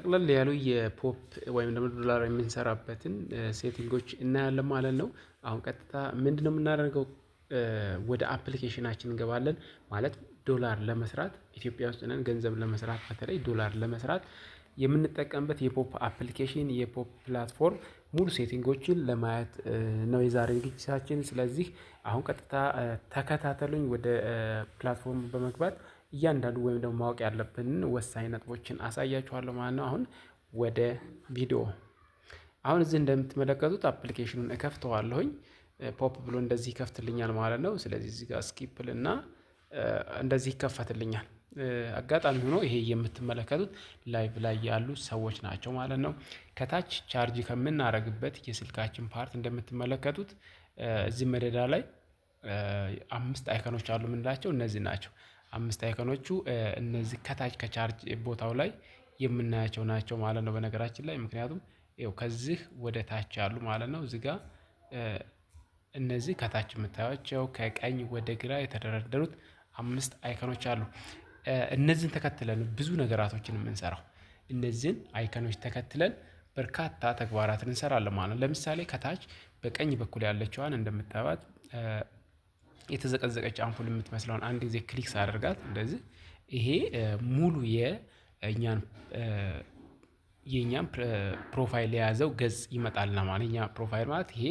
ጠቅለል ያሉ የፖፕ ወይም ደግሞ ዶላር የምንሰራበትን ሴቲንጎች እናያለን ማለት ነው። አሁን ቀጥታ ምንድነው የምናደርገው? ወደ አፕሊኬሽናችን እንገባለን ማለት ዶላር ለመስራት ኢትዮጵያ ውስጥ ነን ገንዘብ ለመስራት በተለይ ዶላር ለመስራት የምንጠቀምበት የፖፕ አፕሊኬሽን የፖፕ ፕላትፎርም ሙሉ ሴቲንጎችን ለማየት ነው የዛሬ ዝግጅታችን። ስለዚህ አሁን ቀጥታ ተከታተሉኝ። ወደ ፕላትፎርም በመግባት እያንዳንዱ ወይም ደግሞ ማወቅ ያለብንን ወሳኝ ነጥቦችን አሳያችኋለሁ ማለት ነው። አሁን ወደ ቪዲዮ አሁን እዚህ እንደምትመለከቱት አፕሊኬሽኑን እከፍተዋለሁኝ ፖፕ ብሎ እንደዚህ ይከፍትልኛል ማለት ነው። ስለዚህ እዚህ ጋር ስኪፕል እና እንደዚህ ይከፈትልኛል። አጋጣሚ ሆኖ ይሄ የምትመለከቱት ላይቭ ላይ ያሉ ሰዎች ናቸው ማለት ነው። ከታች ቻርጅ ከምናደርግበት የስልካችን ፓርት እንደምትመለከቱት እዚህ መደዳ ላይ አምስት አይከኖች አሉ የምንላቸው እነዚህ ናቸው። አምስት አይከኖቹ እነዚህ ከታች ከቻርጅ ቦታው ላይ የምናያቸው ናቸው ማለት ነው። በነገራችን ላይ ምክንያቱም ው ከዚህ ወደ ታች ያሉ ማለት ነው። እዚህ ጋ እነዚህ ከታች የምታያቸው ከቀኝ ወደ ግራ የተደረደሩት አምስት አይከኖች አሉ። እነዚህን ተከትለን ብዙ ነገራቶችን የምንሰራው እነዚህን አይከኖች ተከትለን በርካታ ተግባራትን እንሰራለን ማለት ነው። ለምሳሌ ከታች በቀኝ በኩል ያለችዋን እንደምታዩት የተዘቀዘቀች አምፑል የምትመስለውን አንድ ጊዜ ክሊክ ሳደርጋት እንደዚህ ይሄ ሙሉ የእኛን የእኛም ፕሮፋይል የያዘው ገጽ ይመጣል ማለት እኛ ፕሮፋይል ማለት ይሄ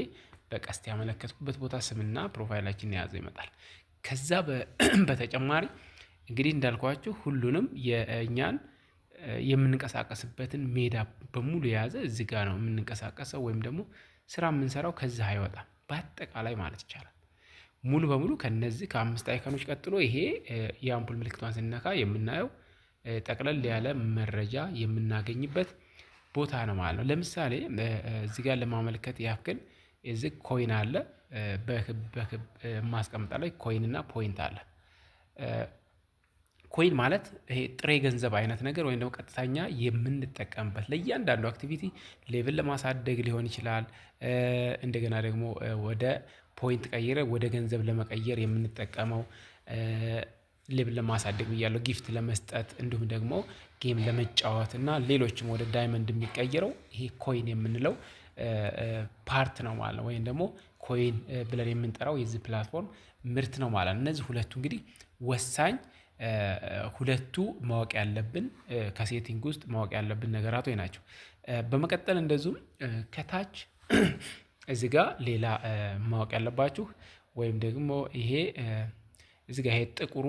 በቀስት ያመለከትኩበት ቦታ ስምና ፕሮፋይላችን የያዘው ይመጣል። ከዛ በተጨማሪ እንግዲህ እንዳልኳችሁ ሁሉንም የእኛን የምንንቀሳቀስበትን ሜዳ በሙሉ የያዘ እዚህ ጋር ነው የምንንቀሳቀሰው፣ ወይም ደግሞ ስራ የምንሰራው ከዛ አይወጣም በአጠቃላይ ማለት ይቻላል። ሙሉ በሙሉ ከነዚህ ከአምስት አይከኖች ቀጥሎ ይሄ የአምፑል ምልክቷን ስነካ የምናየው ጠቅለል ያለ መረጃ የምናገኝበት ቦታ ነው ማለት ነው። ለምሳሌ እዚህ ጋር ለማመልከት ያክል እዚህ ኮይን አለ። በክብ በክብ ማስቀምጣ ላይ ኮይን እና ፖይንት አለ። ኮይን ማለት ይሄ ጥሬ ገንዘብ አይነት ነገር ወይም ደግሞ ቀጥተኛ የምንጠቀምበት ለእያንዳንዱ አክቲቪቲ ሌቭል ለማሳደግ ሊሆን ይችላል። እንደገና ደግሞ ወደ ፖይንት ቀይረ ወደ ገንዘብ ለመቀየር የምንጠቀመው ልብ ለማሳደግ ብያለሁ፣ ጊፍት ለመስጠት እንዲሁም ደግሞ ጌም ለመጫወት እና ሌሎችም ወደ ዳይመንድ የሚቀይረው ይሄ ኮይን የምንለው ፓርት ነው ማለት ነው። ወይም ደግሞ ኮይን ብለን የምንጠራው የዚህ ፕላትፎርም ምርት ነው ማለት ነው። እነዚህ ሁለቱ እንግዲህ ወሳኝ ሁለቱ ማወቅ ያለብን ከሴቲንግ ውስጥ ማወቅ ያለብን ነገራቶች ናቸው። በመቀጠል እንደዚሁም ከታች እዚ ጋ ሌላ ማወቅ ያለባችሁ ወይም ደግሞ ይሄ እዚ ጋ ይሄ ጥቁሩ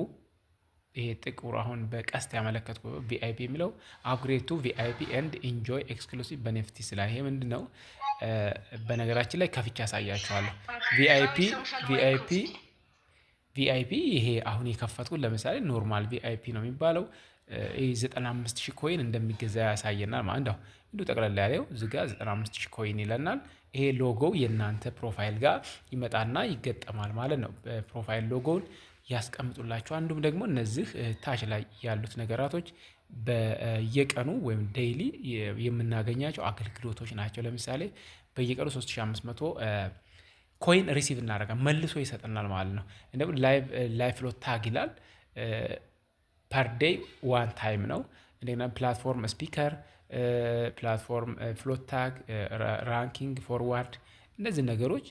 ይሄ ጥቁር አሁን በቀስት ያመለከትኩ ቪአይፒ የሚለው አፕግሬድ ቱ ቪአይፒ ኤንድ ኢንጆይ ኤክስክሉሲቭ በኔፍቲስ ላይ ይሄ ምንድን ነው? በነገራችን ላይ ከፍቻ ያሳያችኋለሁ። ቪአይፒ ቪአይፒ ቪአይፒ ይሄ አሁን የከፈትኩት ለምሳሌ ኖርማል ቪአይፒ ነው የሚባለው። ዘጠና አምስት ሺህ ኮይን እንደሚገዛ ያሳየናል ማለት ነው። እንዲሁ ጠቅላላ ያለው እዚጋ ዘጠና አምስት ሺህ ኮይን ይለናል። ይሄ ሎጎው የእናንተ ፕሮፋይል ጋር ይመጣና ይገጠማል ማለት ነው። ፕሮፋይል ሎጎውን ያስቀምጡላቸው። አንዱም ደግሞ እነዚህ ታች ላይ ያሉት ነገራቶች በየቀኑ ወይም ዴይሊ የምናገኛቸው አገልግሎቶች ናቸው። ለምሳሌ በየቀኑ 3500 ኮይን ሪሲቭ እናደርጋል መልሶ ይሰጠናል ማለት ነው። እንደም ላይፍ ሎት ታግ ይላል። ፐር ዴይ ዋን ታይም ነው። እንደገና ፕላትፎርም ስፒከር ፕላትፎርም፣ ፍሎት ታግ፣ ራንኪንግ፣ ፎርዋርድ እነዚህ ነገሮች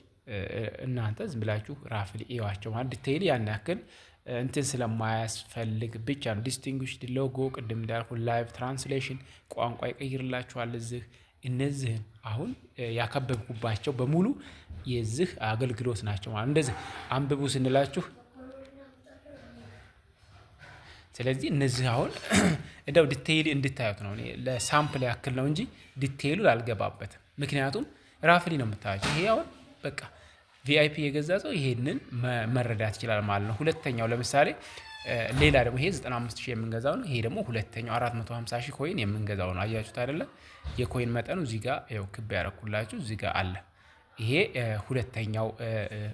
እናንተ ዝም ብላችሁ ራፍል እዩዋቸው። አንድ ቴል ያን ያክል እንትን ስለማያስፈልግ ብቻ ነው። ዲስቲንጉሽድ ሎጎ ቅድም እንዳልኩ ላይቭ ትራንስሌሽን ቋንቋ ይቀይርላችኋል። እዚህ እነዚህን አሁን ያከበብኩባቸው በሙሉ የዚህ አገልግሎት ናቸው ማለት እንደዚህ አንብቡ ስንላችሁ ስለዚህ እነዚህ አሁን እንደው ዲቴይል እንድታዩት ነው። ለሳምፕል ያክል ነው እንጂ ዲቴይሉ አልገባበትም። ምክንያቱም ራፍሊ ነው የምታያቸው። ይሄ አሁን በቃ ቪአይፒ የገዛ ሰው ይሄንን መረዳት ይችላል ማለት ነው። ሁለተኛው ለምሳሌ ሌላ ደግሞ ይሄ 95 ሺህ የምንገዛው ነው። ይሄ ደግሞ ሁለተኛው 450 ሺህ ኮይን የምንገዛው ነው። አያችሁት አይደለ? የኮይን መጠኑ እዚህ ጋር ያው ክብ ያረኩላችሁ እዚህ ጋር አለ። ይሄ ሁለተኛው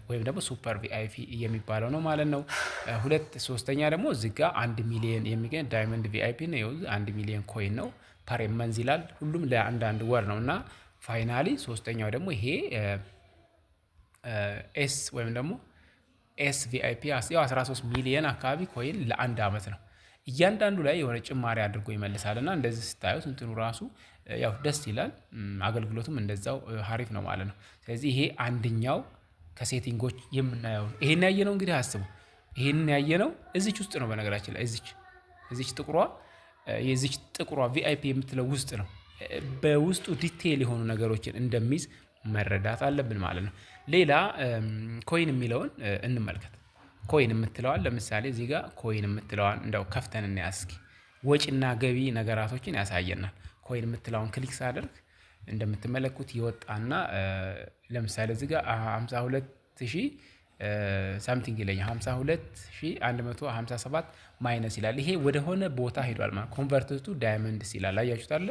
ወይም ደግሞ ሱፐር ቪአይፒ የሚባለው ነው ማለት ነው። ሁለት ሶስተኛ ደግሞ ዝጋ አንድ ሚሊየን የሚገኝ ዳይመንድ ቪአይፒ ነው። አንድ ሚሊየን ኮይን ነው ፐር መንዝ ይላል። ሁሉም ለአንዳንድ ወር ነው እና ፋይናሊ ሶስተኛው ደግሞ ይሄ ኤስ ወይም ደግሞ ኤስ ቪአይፒ 13 ሚሊየን አካባቢ ኮይን ለአንድ አመት ነው። እያንዳንዱ ላይ የሆነ ጭማሪ አድርጎ ይመልሳል እና እንደዚህ ስታዩት እንትኑ ራሱ ያው ደስ ይላል። አገልግሎቱም እንደዛው ሀሪፍ ነው ማለት ነው። ስለዚህ ይሄ አንደኛው ከሴቲንጎች የምናየው ይሄን ያየ ነው እንግዲህ አስቡ። ይሄን ያየ ነው እዚች ውስጥ ነው በነገራችን ላይ እዚች እዚች ጥቁሯ የዚች ጥቁሯ ቪአይፒ የምትለው ውስጥ ነው። በውስጡ ዲቴይል የሆኑ ነገሮችን እንደሚይዝ መረዳት አለብን ማለት ነው። ሌላ ኮይን የሚለውን እንመልከት። ኮይን የምትለዋል ለምሳሌ እዚህ ጋር ኮይን የምትለዋል እንደው ከፍተን እናያት እስኪ። ወጪና ገቢ ነገራቶችን ያሳየናል። ኮይን የምትለዋን ክሊክ ሳደርግ እንደምትመለኩት ይወጣና ለምሳሌ እዚህ ጋር 52 ሺህ ሳምቲንግ ይለኛል 52157 ማይነስ ይላል። ይሄ ወደሆነ ቦታ ሄዷል ማለት ኮንቨርትቱ ዳይመንድስ ይላል። አያችሁታል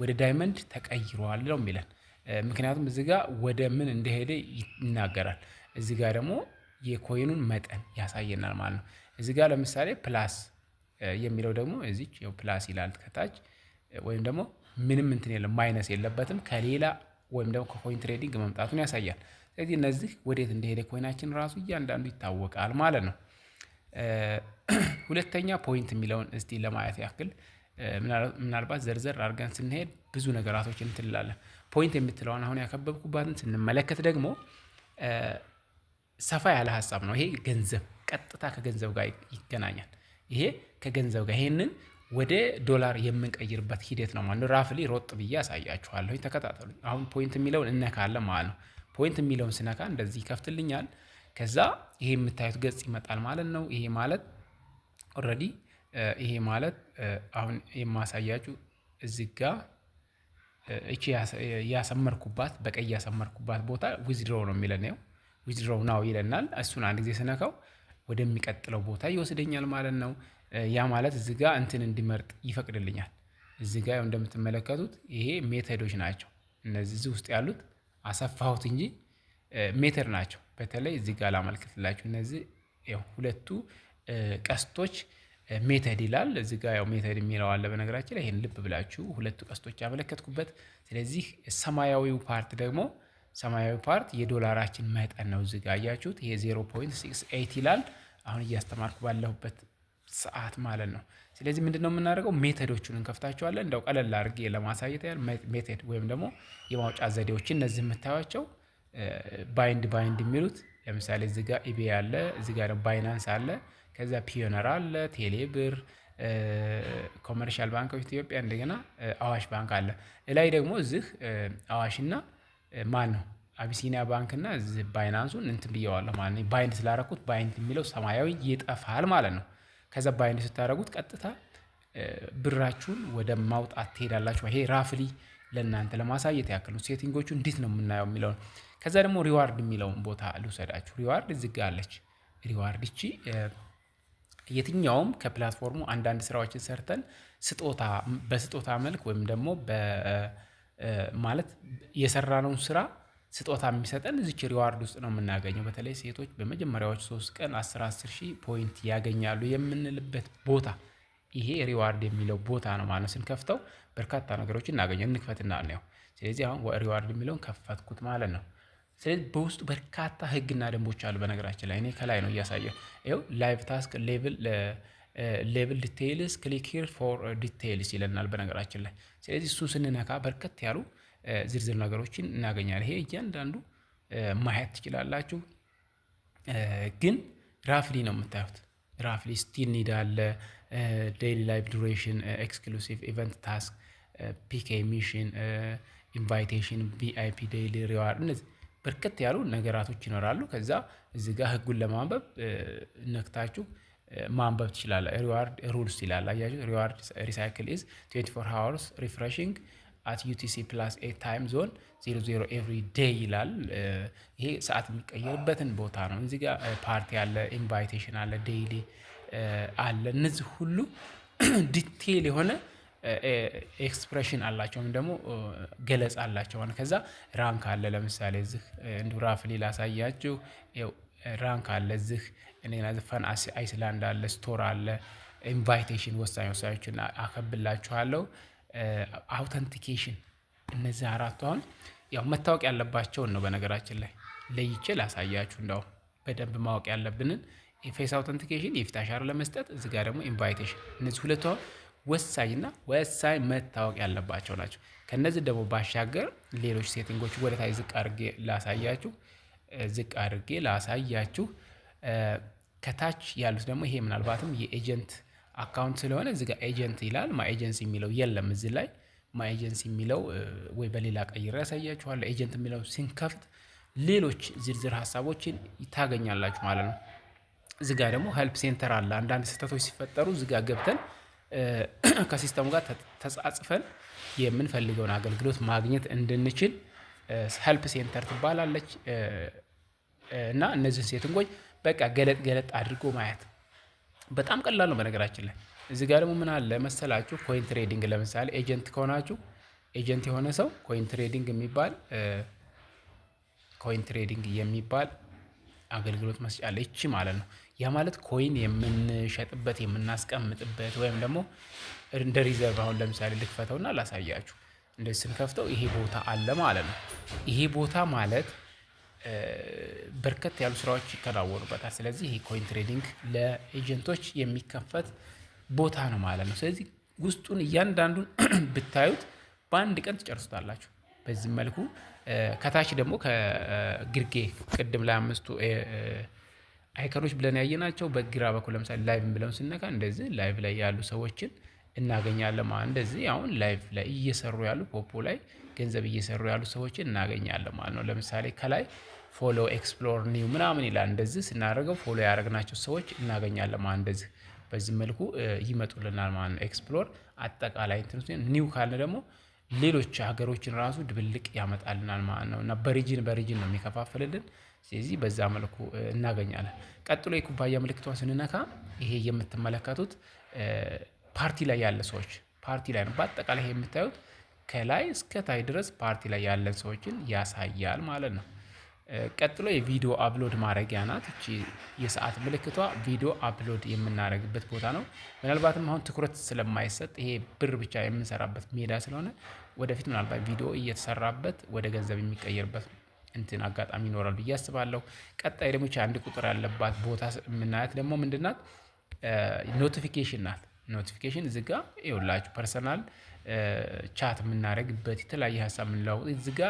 ወደ ዳይመንድ ተቀይሯል ነው የሚለን። ምክንያቱም እዚህ ጋር ወደ ምን እንደሄደ ይናገራል። እዚህ ጋር ደግሞ የኮይኑን መጠን ያሳየናል ማለት ነው። እዚህ ጋር ለምሳሌ ፕላስ የሚለው ደግሞ እዚች ፕላስ ይላል ከታች ወይም ደግሞ ምንም እንትን የለም ማይነስ የለበትም ከሌላ ወይም ደግሞ ከኮይን ትሬዲንግ መምጣቱን ያሳያል። ስለዚህ እነዚህ ወዴት እንደሄደ ኮይናችን ራሱ እያንዳንዱ ይታወቃል ማለት ነው። ሁለተኛ ፖይንት የሚለውን እስቲ ለማየት ያክል ምናልባት ዘርዘር አድርገን ስንሄድ ብዙ ነገራቶች እንትላለን። ፖይንት የምትለውን አሁን ያከበብኩባትን ስንመለከት ደግሞ ሰፋ ያለ ሀሳብ ነው። ይሄ ገንዘብ ቀጥታ ከገንዘብ ጋር ይገናኛል። ይሄ ከገንዘብ ጋር ይሄንን ወደ ዶላር የምንቀይርበት ሂደት ነው ማለት ነው። ራፍሊ ሮጥ ብዬ አሳያችኋለሁ፣ ተከታተሉ። አሁን ፖይንት የሚለውን እነካለን ማለት ነው። ፖይንት የሚለውን ስነካ እንደዚህ ይከፍትልኛል። ከዛ ይሄ የምታዩት ገጽ ይመጣል ማለት ነው። ይሄ ማለት ኦልሬዲ ይሄ ማለት አሁን የማሳያችሁ እዚህ ጋ እቺ ያሰመርኩባት በቀይ ያሰመርኩባት ቦታ ዊዝድሮ ነው የሚለን ዊዝድሮው ናው ይለናል። እሱን አንድ ጊዜ ስነካው ወደሚቀጥለው ቦታ ይወስደኛል ማለት ነው። ያ ማለት እዚ ጋ እንትን እንዲመርጥ ይፈቅድልኛል። እዚ ጋ እንደምትመለከቱት ይሄ ሜተዶች ናቸው። እነዚህ እዚህ ውስጥ ያሉት አሰፋሁት እንጂ ሜተድ ናቸው። በተለይ እዚ ጋ ላመልክትላችሁ። እነዚህ ሁለቱ ቀስቶች ሜተድ ይላል። እዚ ጋ ያው ሜተድ የሚለው አለ። በነገራችን ላይ ይህን ልብ ብላችሁ ሁለቱ ቀስቶች ያመለከትኩበት። ስለዚህ ሰማያዊው ፓርት ደግሞ ሰማያዊ ፓርት የዶላራችን መጠን ነው። እዚህ ጋር አያችሁት፣ ይሄ 0.68 ይላል። አሁን እያስተማርኩ ባለሁበት ሰዓት ማለት ነው። ስለዚህ ምንድን ነው የምናደርገው? ሜቶዶቹን እንከፍታቸዋለን። እንደው ቀለል አድርጌ ለማሳየት ያህል ሜቶድ ወይም ደግሞ የማውጫ ዘዴዎች እነዚህ የምታዩቸው ባይንድ ባይንድ የሚሉት ለምሳሌ እዚህ ጋር ኢቤ አለ፣ እዚህ ጋር ባይናንስ አለ፣ ከዛ ፒዮነር አለ፣ ቴሌብር፣ ኮመርሻል ባንክ ኦፍ ኢትዮጵያ፣ እንደገና አዋሽ ባንክ አለ። እላይ ደግሞ እዚህ አዋሽና ማን ነው አቢሲኒያ ባንክ እና ባይናንሱን እንትን ብየዋለሁ ማለት ነው። ባይንድ ስላረኩት ባይንድ የሚለው ሰማያዊ ይጠፋል ማለት ነው። ከዛ ባይንድ ስታደረጉት ቀጥታ ብራችሁን ወደ ማውጣት ትሄዳላችሁ። ይሄ ራፍሊ ለእናንተ ለማሳየት ያክል ነው። ሴቲንጎቹ እንዴት ነው የምናየው የሚለውን ከዛ ደግሞ ሪዋርድ የሚለውን ቦታ ልውሰዳችሁ። ሪዋርድ እዚህ አለች። ሪዋርድ እቺ የትኛውም ከፕላትፎርሙ አንዳንድ ስራዎችን ሰርተን ስጦታ በስጦታ መልክ ወይም ደግሞ ማለት የሰራነውን ስራ ስጦታ የሚሰጠን እዚች ሪዋርድ ውስጥ ነው የምናገኘው። በተለይ ሴቶች በመጀመሪያዎች ሶስት ቀን አስር አስር ሺህ ፖይንት ያገኛሉ የምንልበት ቦታ ይሄ ሪዋርድ የሚለው ቦታ ነው ማለት ነው። ስንከፍተው በርካታ ነገሮች እናገኘ እንክፈትና ነው። ስለዚህ አሁን ሪዋርድ የሚለውን ከፈትኩት ማለት ነው። ስለዚህ በውስጡ በርካታ ህግና ደንቦች አሉ። በነገራችን ላይ እኔ ከላይ ነው እያሳየው ላይቭ ታስክ ሌቭል ሌብል ዲቴይልስ ክሊክ ሂር ፎር ዲቴይልስ ይለናል በነገራችን ላይ። ስለዚህ እሱን ስንነካ በርከት ያሉ ዝርዝር ነገሮችን እናገኛለን። ይሄ እያንዳንዱ ማየት ትችላላችሁ፣ ግን ራፍሊ ነው የምታዩት። ራፍሊ ስቲል ኒድ አለ፣ ዴይሊ ላይፍ ዱሬሽን፣ ኤክስክሉሲቭ ኢቨንት ታስክ፣ ፒኬ ሚሽን፣ ኢንቫይቴሽን፣ ቪአይፒ ዴይሊ ሪዋርድ እነዚህ በርከት ያሉ ነገራቶች ይኖራሉ። ከዛ እዚጋ ጋር ህጉን ለማንበብ ነክታችሁ ማንበብ ትችላለህ። ሪዋርድ ሩልስ ይላል አያችሁ። ሪዋርድ ሪሳይክል ኢዝ 24 ሃወርስ ሪፍሬሽንግ አት ዩቲሲ ፕላስ ኤት ታይም ዞን 00 ኤቭሪ ዴይ ይላል። ይሄ ሰዓት የሚቀየርበትን ቦታ ነው። እዚህ ጋር ፓርቲ አለ፣ ኢንቫይቴሽን አለ፣ ዴይሊ አለ። እነዚህ ሁሉ ዲቴይል የሆነ ኤክስፕሬሽን አላቸው ወይም ደግሞ ገለጻ አላቸው። ከዛ ራንክ አለ። ለምሳሌ እዚህ እንዲሁ ራፍሊ ላሳያችሁ ራንክ አለ እዚህ እንደገና ዘፈን አይስላንድ አለ ስቶር አለ ኢንቫይቴሽን ወሳኝ ወሳኞችን አከብላችኋለሁ። አውተንቲኬሽን እነዚህ አራቱ አሁን ያው መታወቅ ያለባቸውን ነው። በነገራችን ላይ ለይቼ ላሳያችሁ እንደው በደንብ ማወቅ ያለብንን የፌስ አውተንቲኬሽን የፊት አሻራ ለመስጠት እዚህ ጋር ደግሞ ኢንቫይቴሽን እነዚህ ሁለቱ ወሳኝና ወሳኝ መታወቅ ያለባቸው ናቸው። ከነዚህ ደግሞ ባሻገር ሌሎች ሴቲንጎች ወደ ዝቅ አድርጌ ላሳያችሁ። ዝቅ አድርጌ ላሳያችሁ። ከታች ያሉት ደግሞ ይሄ ምናልባትም የኤጀንት አካውንት ስለሆነ እዚ ጋር ኤጀንት ይላል። ማይ ኤጀንሲ የሚለው የለም እዚህ ላይ ማይ ኤጀንሲ የሚለው ወይ በሌላ ቀይር ያሳያችኋለሁ። ኤጀንት የሚለው ሲንከፍት ሌሎች ዝርዝር ሀሳቦችን ታገኛላችሁ ማለት ነው። እዚ ጋር ደግሞ ሄልፕ ሴንተር አለ። አንዳንድ ስህተቶች ሲፈጠሩ እዚ ጋር ገብተን ከሲስተሙ ጋር ተጻጽፈን የምንፈልገውን አገልግሎት ማግኘት እንድንችል ሄልፕ ሴንተር ትባላለች። እና እነዚህን ሴትንጎች በቃ ገለጥ ገለጥ አድርጎ ማየት በጣም ቀላል ነው። በነገራችን ላይ እዚህ ጋር ደግሞ ምን አለ መሰላችሁ ኮይን ትሬዲንግ ለምሳሌ ኤጀንት ከሆናችሁ ኤጀንት የሆነ ሰው ኮይን ትሬዲንግ የሚባል ኮይን ትሬዲንግ የሚባል አገልግሎት መስጫ አለ። ይቺ ማለት ነው። ያ ማለት ኮይን የምንሸጥበት የምናስቀምጥበት፣ ወይም ደግሞ እንደ ሪዘርቭ አሁን ለምሳሌ ልክፈተውና ላሳያችሁ። እንደዚህ ስንከፍተው ይሄ ቦታ አለ ማለት ነው። ይሄ ቦታ ማለት በርከት ያሉ ስራዎች ይከናወኑበታል። ስለዚህ ይህ ኮይን ትሬዲንግ ለኤጀንቶች የሚከፈት ቦታ ነው ማለት ነው። ስለዚህ ውስጡን እያንዳንዱን ብታዩት በአንድ ቀን ትጨርሱታላችሁ። በዚህ መልኩ ከታች ደግሞ ከግርጌ ቅድም ላይ አምስቱ አይከኖች ብለን ያየናቸው በግራ በኩል ለምሳሌ ላይቭ ብለን ስነካ እንደዚህ ላይቭ ላይ ያሉ ሰዎችን እናገኛለን ማለት እንደዚህ አሁን ላይቭ ላይ እየሰሩ ያሉ ፖፖ ላይ ገንዘብ እየሰሩ ያሉ ሰዎችን እናገኛለን ማለት ነው። ለምሳሌ ከላይ ፎሎ ኤክስፕሎር ኒው ምናምን ይላል። እንደዚህ ስናደርገው ፎሎ ያደረግናቸው ሰዎች እናገኛለን ማለት እንደዚህ በዚህ መልኩ ይመጡልናል ማለት ነው። ኤክስፕሎር አጠቃላይ እንትኑን ኒው ካልን ደግሞ ሌሎች ሀገሮችን ራሱ ድብልቅ ያመጣልናል ማለት ነው እና በሪጅን በሪጅን ነው የሚከፋፍልልን። ስለዚህ በዛ መልኩ እናገኛለን። ቀጥሎ የኩባያ ምልክቷን ስንነካ ይሄ የምትመለከቱት ፓርቲ ላይ ያለ ሰዎች ፓርቲ ላይ ነው። በአጠቃላይ የምታዩት ከላይ እስከ ታይ ድረስ ፓርቲ ላይ ያለን ሰዎችን ያሳያል ማለት ነው። ቀጥሎ የቪዲዮ አፕሎድ ማድረጊያ ናት። እቺ የሰዓት ምልክቷ ቪዲዮ አፕሎድ የምናደርግበት ቦታ ነው። ምናልባትም አሁን ትኩረት ስለማይሰጥ ይሄ ብር ብቻ የምንሰራበት ሜዳ ስለሆነ ወደፊት ምናልባት ቪዲዮ እየተሰራበት ወደ ገንዘብ የሚቀየርበት እንትን አጋጣሚ ይኖራል ብዬ አስባለሁ። ቀጣይ ደግሞ አንድ ቁጥር ያለባት ቦታ የምናያት ደግሞ ምንድናት? ኖቲፊኬሽን ናት። ኖቲፊኬሽን እዚህ ጋ ይኸውላችሁ ፐርሰናል ቻት የምናደርግበት የተለያየ ሀሳብ የምንለዋወጥ እዚህ ጋ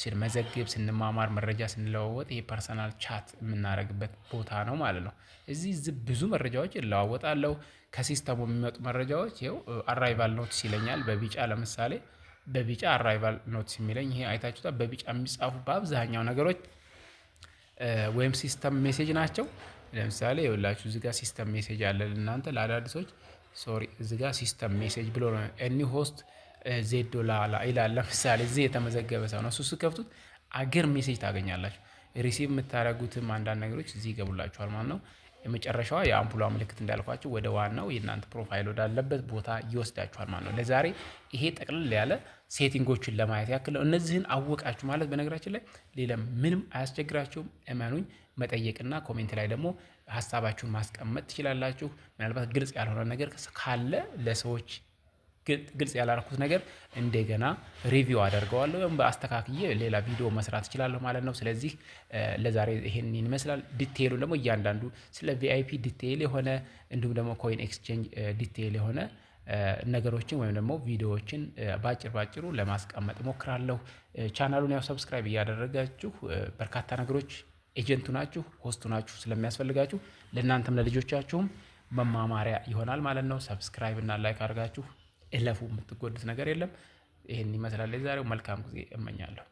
ስንመዘግብ ስንማማር መረጃ ስንለዋወጥ ይሄ ፐርሰናል ቻት የምናደርግበት ቦታ ነው ማለት ነው። እዚህ ብዙ መረጃዎች እለዋወጣለሁ። ከሲስተሙ የሚመጡ መረጃዎች ይኸው አራይቫል ኖትስ ይለኛል በቢጫ ለምሳሌ በቢጫ አራይቫል ኖትስ የሚለኝ ይሄ አይታችሁታል። በቢጫ የሚጻፉ በአብዛኛው ነገሮች ወይም ሲስተም ሜሴጅ ናቸው። ለምሳሌ የሁላችሁ እዚጋ ሲስተም ሜሴጅ አለ እናንተ ለአዳዲሶች ሶሪ እዚ ጋር ሲስተም ሜሴጅ ብሎ ነው ኤኒ ሆስት ዜዶ ዶላላ ይላል። ለምሳሌ እዚህ የተመዘገበ ሰው ነው። እሱ ስከፍቱት አገር ሜሴጅ ታገኛላችሁ። ሪሲቭ የምታደርጉትም አንዳንድ ነገሮች እዚህ ይገቡላችኋል ማለት ነው። የመጨረሻዋ የአምፑሏ ምልክት እንዳልኳቸው ወደ ዋናው የእናንተ ፕሮፋይል ወዳለበት ቦታ ይወስዳችኋል ማለት ነው። ለዛሬ ይሄ ጠቅልል ያለ ሴቲንጎችን ለማየት ያክል ነው። እነዚህን አወቃችሁ ማለት በነገራችን ላይ ሌላ ምንም አያስቸግራችሁም። እመኑኝ፣ መጠየቅና ኮሜንት ላይ ደግሞ ሀሳባችሁን ማስቀመጥ ትችላላችሁ። ምናልባት ግልጽ ያልሆነ ነገር ካለ ለሰዎች ግልጽ ያላረኩት ነገር እንደገና ሪቪው አደርገዋለሁ ወይም በአስተካክዬ ሌላ ቪዲዮ መስራት እችላለሁ ማለት ነው። ስለዚህ ለዛሬ ይሄን ይመስላል። ዲቴሉ ደግሞ እያንዳንዱ ስለ ቪአይፒ ዲቴይል የሆነ እንዲሁም ደግሞ ኮይን ኤክስቼንጅ ዲቴይል የሆነ ነገሮችን ወይም ደግሞ ቪዲዮዎችን በአጭር ባጭሩ ለማስቀመጥ ሞክራለሁ ቻናሉን ያው ሰብስክራይብ እያደረጋችሁ በርካታ ነገሮች ኤጀንቱ ናችሁ፣ ሆስቱ ናችሁ ስለሚያስፈልጋችሁ ለእናንተም ለልጆቻችሁም መማማሪያ ይሆናል ማለት ነው። ሰብስክራይብ እና ላይክ አድርጋችሁ እለፉ። የምትጎዱት ነገር የለም። ይህን ይመስላል የዛሬው። መልካም ጊዜ እመኛለሁ።